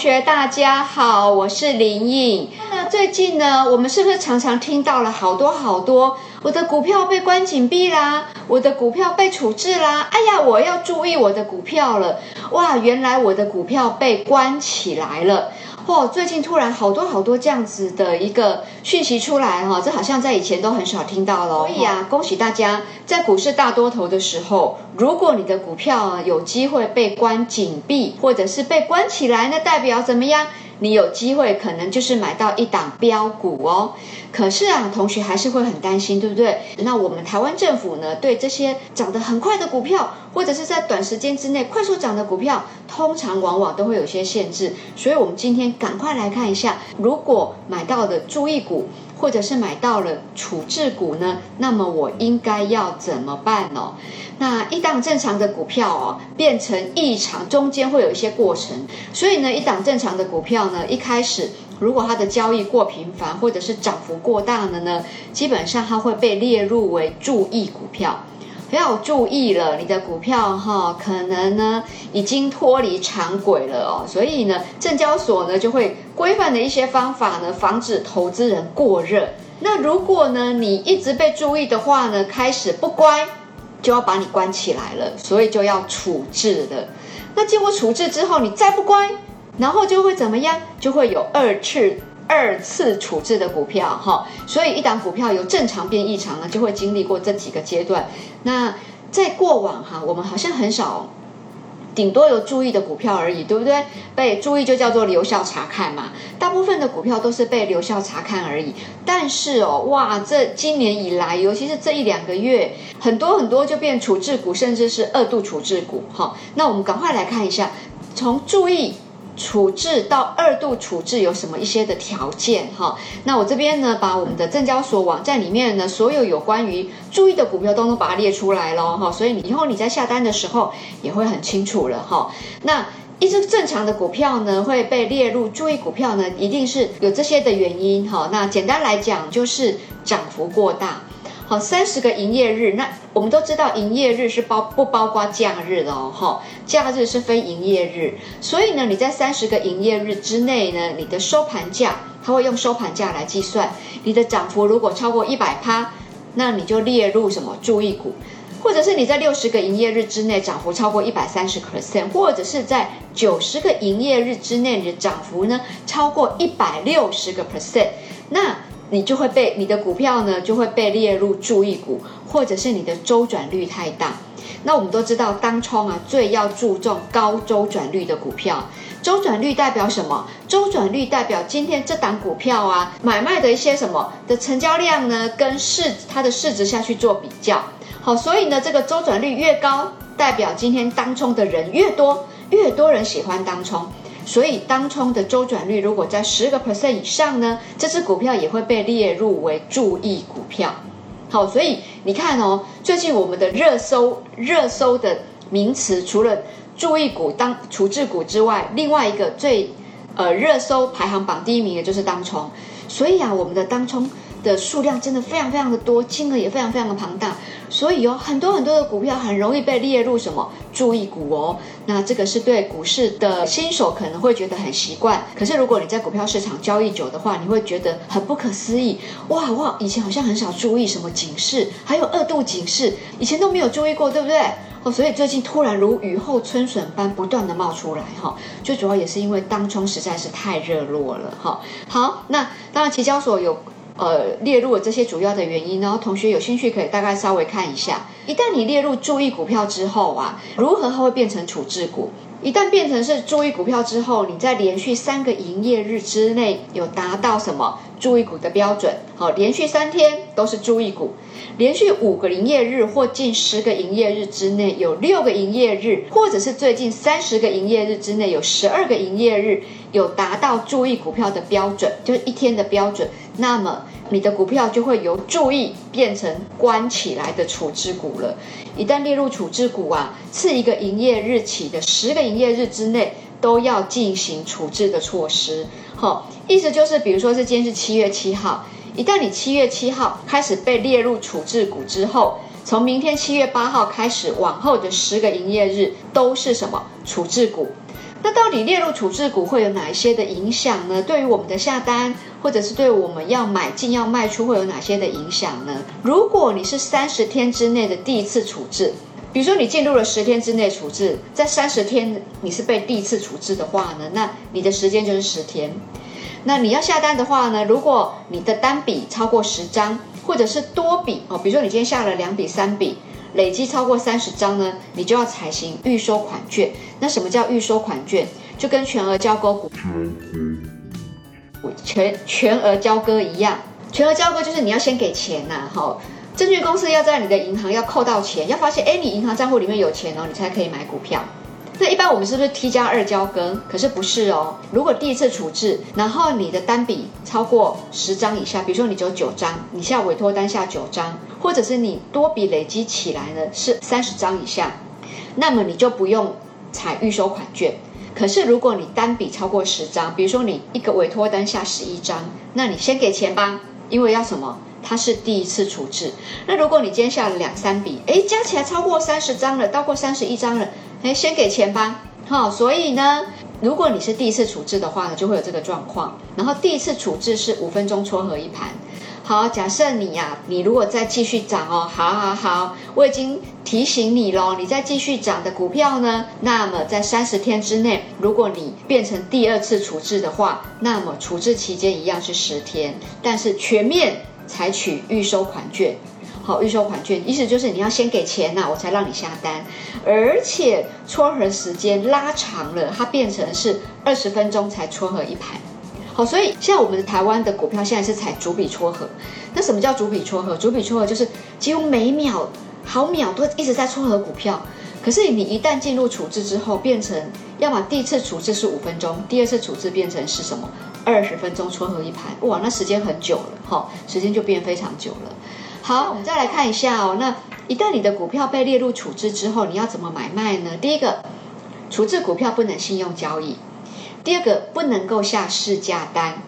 同學大家好，我是林穎。那最近呢，我們是不是常常聽到了好多好多？我的股票被關禁閉啦，我的股票被處置啦。哎呀，我要注意我的股票了。哇，原來我的股票被關起來了，哦，最近突然好多好多這樣子的一個訊息出來哈，哦，這好像在以前都很少聽到了。所以啊，恭喜大家，在股市大多頭的時候，如果你的股票啊有機會被關緊閉或者是被關起來，那代表怎麼樣？你有機會可能就是買到一檔飆股哦，可是啊，同學還是會很擔心，對不對？那我們台灣政府呢，對這些漲得很快的股票，或者是在短時間之內快速漲的股票，通常往往都會有些限制。所以，我們今天趕快來看一下，如果買到的注意股。或者是買到了處置股呢？那麼我應該要怎麼辦呢哦？那一檔正常的股票哦，變成異常，中間會有一些過程。所以呢，一檔正常的股票呢，一開始如果它的交易過頻繁，或者是漲幅過大了呢，基本上它會被列入為注意股票。要注意了，你的股票哈、哦，可能呢已經脫離常軌了哦，所以呢，證交所呢就會規範的一些方法呢，防止投資人過熱。那如果呢你一直被注意的話呢，開始不乖，就要把你關起來了，所以就要處置了。那結果處置之後，你再不乖，然後就會怎麼樣？就會有二次。二次處置的股票，哈，所以一檔股票由正常變異常呢，就會經歷過這幾個階段。那在過往哈，我們好像很少，頂多有注意的股票而已，對不對？被注意就叫做留校察看嘛，大部分的股票都是被留校察看而已。但是哦，哇，這今年以來，尤其是這一兩個月，很多很多就變處置股，甚至是二度處置股，哈。那我們趕快來看一下，從注意。處置到二度處置有什麼一些的條件哈、哦？那我這邊呢，把我們的證交所網站裡面呢，所有有關於注意的股票都能把它列出來咯，哈、哦。所以你以後你在下單的時候也會很清楚了哈、哦。那一隻正常的股票呢，會被列入注意股票呢，一定是有這些的原因哈、哦。那簡單來講就是漲幅過大，好，三十個營業日，那我們都知道營業日是包不包括假日的哦。吼，假日是非營業日，所以呢，你在三十個營業日之內呢，你的收盤價，它會用收盤價來計算。你的漲幅如果超過一百趴，那你就列入什麼注意股，或者是你在六十個營業日之內漲幅超過一百三十 percent，或者是在九十個營業日之內你的漲幅呢超過一百六十個 percent，那。你就會被你的股票呢，就會被列入注意股，或者是你的周轉率太大。那我們都知道，當沖啊，最要注重高周轉率的股票。周轉率代表什麼？周轉率代表今天這檔股票啊，買賣的一些什麼的成交量呢，跟市它的市值下去做比較。好，所以呢，這個周轉率越高，代表今天當沖的人越多，越多人喜歡當沖。所以當沖的周轉率如果在十個 percent 以上呢，這支股票也會被列入為注意股票。好，所以你看哦，最近我們的熱搜熱搜的名詞除，除了注意股當處置股之外，另外一個最呃熱搜排行榜第一名的就是當沖。所以啊，我們的當沖。的數量真的非常非常的多，金額也非常非常的龐大，所以有很多很多的股票很容易被列入什麼注意股哦。那這個是對股市的新手可能會覺得很習慣，可是如果你在股票市場交易久的話，你會覺得很不可思議。哇哇，以前好像很少注意什麼警示，還有二度警示，以前都沒有注意過，對不對？哦，所以最近突然如雨後春筍般不斷的冒出來哈。最主要也是因為當沖實在是太熱絡了哈、哦。好，那當然，期交所有，呃，列入了這些主要的原因、哦，然後同學有興趣可以大概稍微看一下。一旦你列入注意股票之後啊，如何它會變成處置股？一旦變成是注意股票之後，你在連續三個營業日之內有達到什麼注意股的標準？好、哦，連續三天都是注意股，連續五個營業日或近十個營業日之內有六個營業日，或者是最近三十個營業日之內有十二個營業日有達到注意股票的標準，就是一天的標準，那麼。你的股票就會由注意變成關起來的處置股了。一旦列入處置股啊，次一個營業日起的十個營業日之內，都要進行處置的措施。好，哦，意思就是，比如說是今天是七月七號，一旦你七月七號開始被列入處置股之後，從明天七月八號開始往後的十個營業日都是什麼處置股？那到底列入處置股會有哪一些的影響呢？對於我們的下單，或者是對我們要買進要賣出會有哪些的影響呢？如果你是三十天之內的第一次處置，比如說你進入了十天之內處置，在三十天你是被第一次處置的話呢，那你的時間就是十天。那你要下單的話呢，如果你的單筆超過十張，或者是多筆哦，比如說你今天下了兩筆、三筆。累計超過三十張呢，你就要採行預收款券。那什麼叫預收款券？就跟全額交割股全，全全額交割一樣。全額交割就是你要先給錢吶，哈，證券公司要在你的銀行要扣到錢，要發現，欸，你銀行賬戶裡面有錢哦、喔，你才可以買股票。那一般我們是不是 T 加二交割？可是不是哦。如果第一次處置，然後你的單筆超過十張以下，比如說你只有九張，你下委托單下九張，或者是你多筆累積起來呢是三十張以下，那麼你就不用採預收款券。可是如果你單筆超過十張，比如說你一個委托單下十一張，那你先給錢吧，因為要什麼？它是第一次處置。那如果你今天下了兩三筆，哎，加起來超過三十張了，到過三十一張了。哎，先給錢吧，好、哦，所以呢，如果你是第一次處置的話呢，就會有這個狀況。然後第一次處置是五分鐘撮合一盤，好，假設你呀、啊，你如果再繼續漲哦，好好好，我已經提醒你咯，你再繼續漲的股票呢，那麼在三十天之內，如果你變成第二次處置的話，那麼處置期間一樣是十天，但是全面採取預收款券。好，預收款券，意思就是你要先給錢吶、啊，我才讓你下單，而且撮合時間拉長了，它變成是二十分鐘才撮合一盤。好，所以現在我們台灣的股票現在是採逐筆撮合。那什麼叫逐筆撮合？逐筆撮合就是幾乎每秒、毫秒都一直在撮合股票。可是你一旦進入處置之後，變成要麼第一次處置是五分鐘，第二次處置變成是什麼？二十分鐘撮合一盤。哇，那時間很久了，好，時間就變非常久了。好，我們再來看一下哦。那一旦你的股票被列入處置之後，你要怎麼買賣呢？第一個，處置股票不能信用交易；第二個，不能夠下市價單。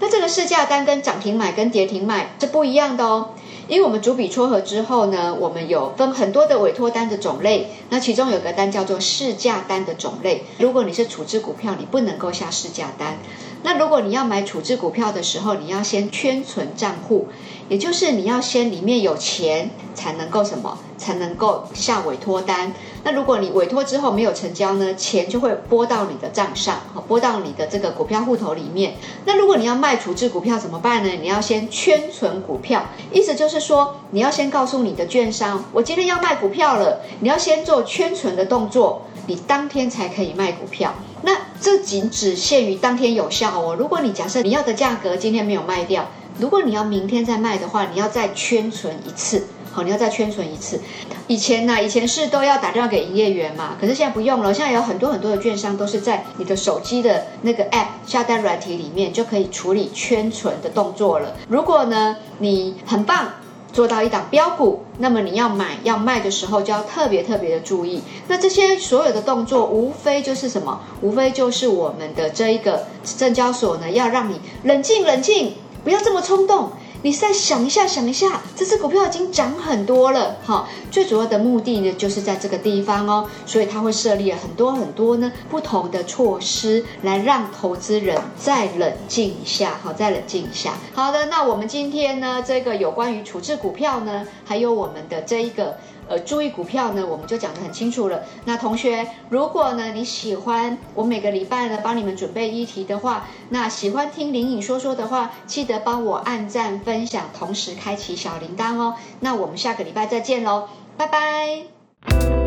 那這個市價單跟漲停買跟跌停買是不一樣的哦。因為我們逐筆撮合之後呢，我們有分很多的委託單的種類，那其中有個單叫做市價單的種類。如果你是處置股票，你不能夠下市價單。那如果你要買處置股票的時候，你要先圈存賬戶，也就是你要先裡面有錢才能夠什麼才能夠下委托單。那如果你委托之後沒有成交呢，錢就會撥到你的賬上，撥到你的這個股票戶頭裡面。那如果你要賣處置股票怎麼辦呢？你要先圈存股票，意思就是說你要先告訴你的券商，我今天要賣股票了，你要先做圈存的動作，你當天才可以賣股票。那這僅只限於當天有效哦。如果你假設你要的價格今天沒有賣掉，如果你要明天再賣的話，你要再圈存一次，好，你要再圈存一次。以前呢、啊，以前是都要打電話給營業員嘛，可是現在不用了，現在有很多很多的券商都是在你的手機的那個 app 下單軟體裡面就可以處理圈存的動作了。如果呢，你很棒。做到一檔飆股，那麼你要買要賣的時候就要特別特別的注意。那這些所有的動作，無非就是什麼？無非就是我們的這一個證交所呢，要讓你冷靜冷靜，不要這麼衝動。你再想一下，想一下，這只股票已經漲很多了，好，最主要的目的呢，就是在這個地方哦，所以它會設立了很多很多呢不同的措施，來讓投資人再冷靜一下，好，再冷靜一下。好的，那我們今天呢，這個有關於處置股票呢，還有我們的這一個。呃，注意股票呢，我們就講得很清楚了。那同學，如果呢，你喜歡我每個禮拜呢幫你們準備議題的話，那喜歡聽林穎說說的話，記得幫我按贊、分享，同時開啟小鈴鐺哦。那我們下個禮拜再見嘍，拜拜。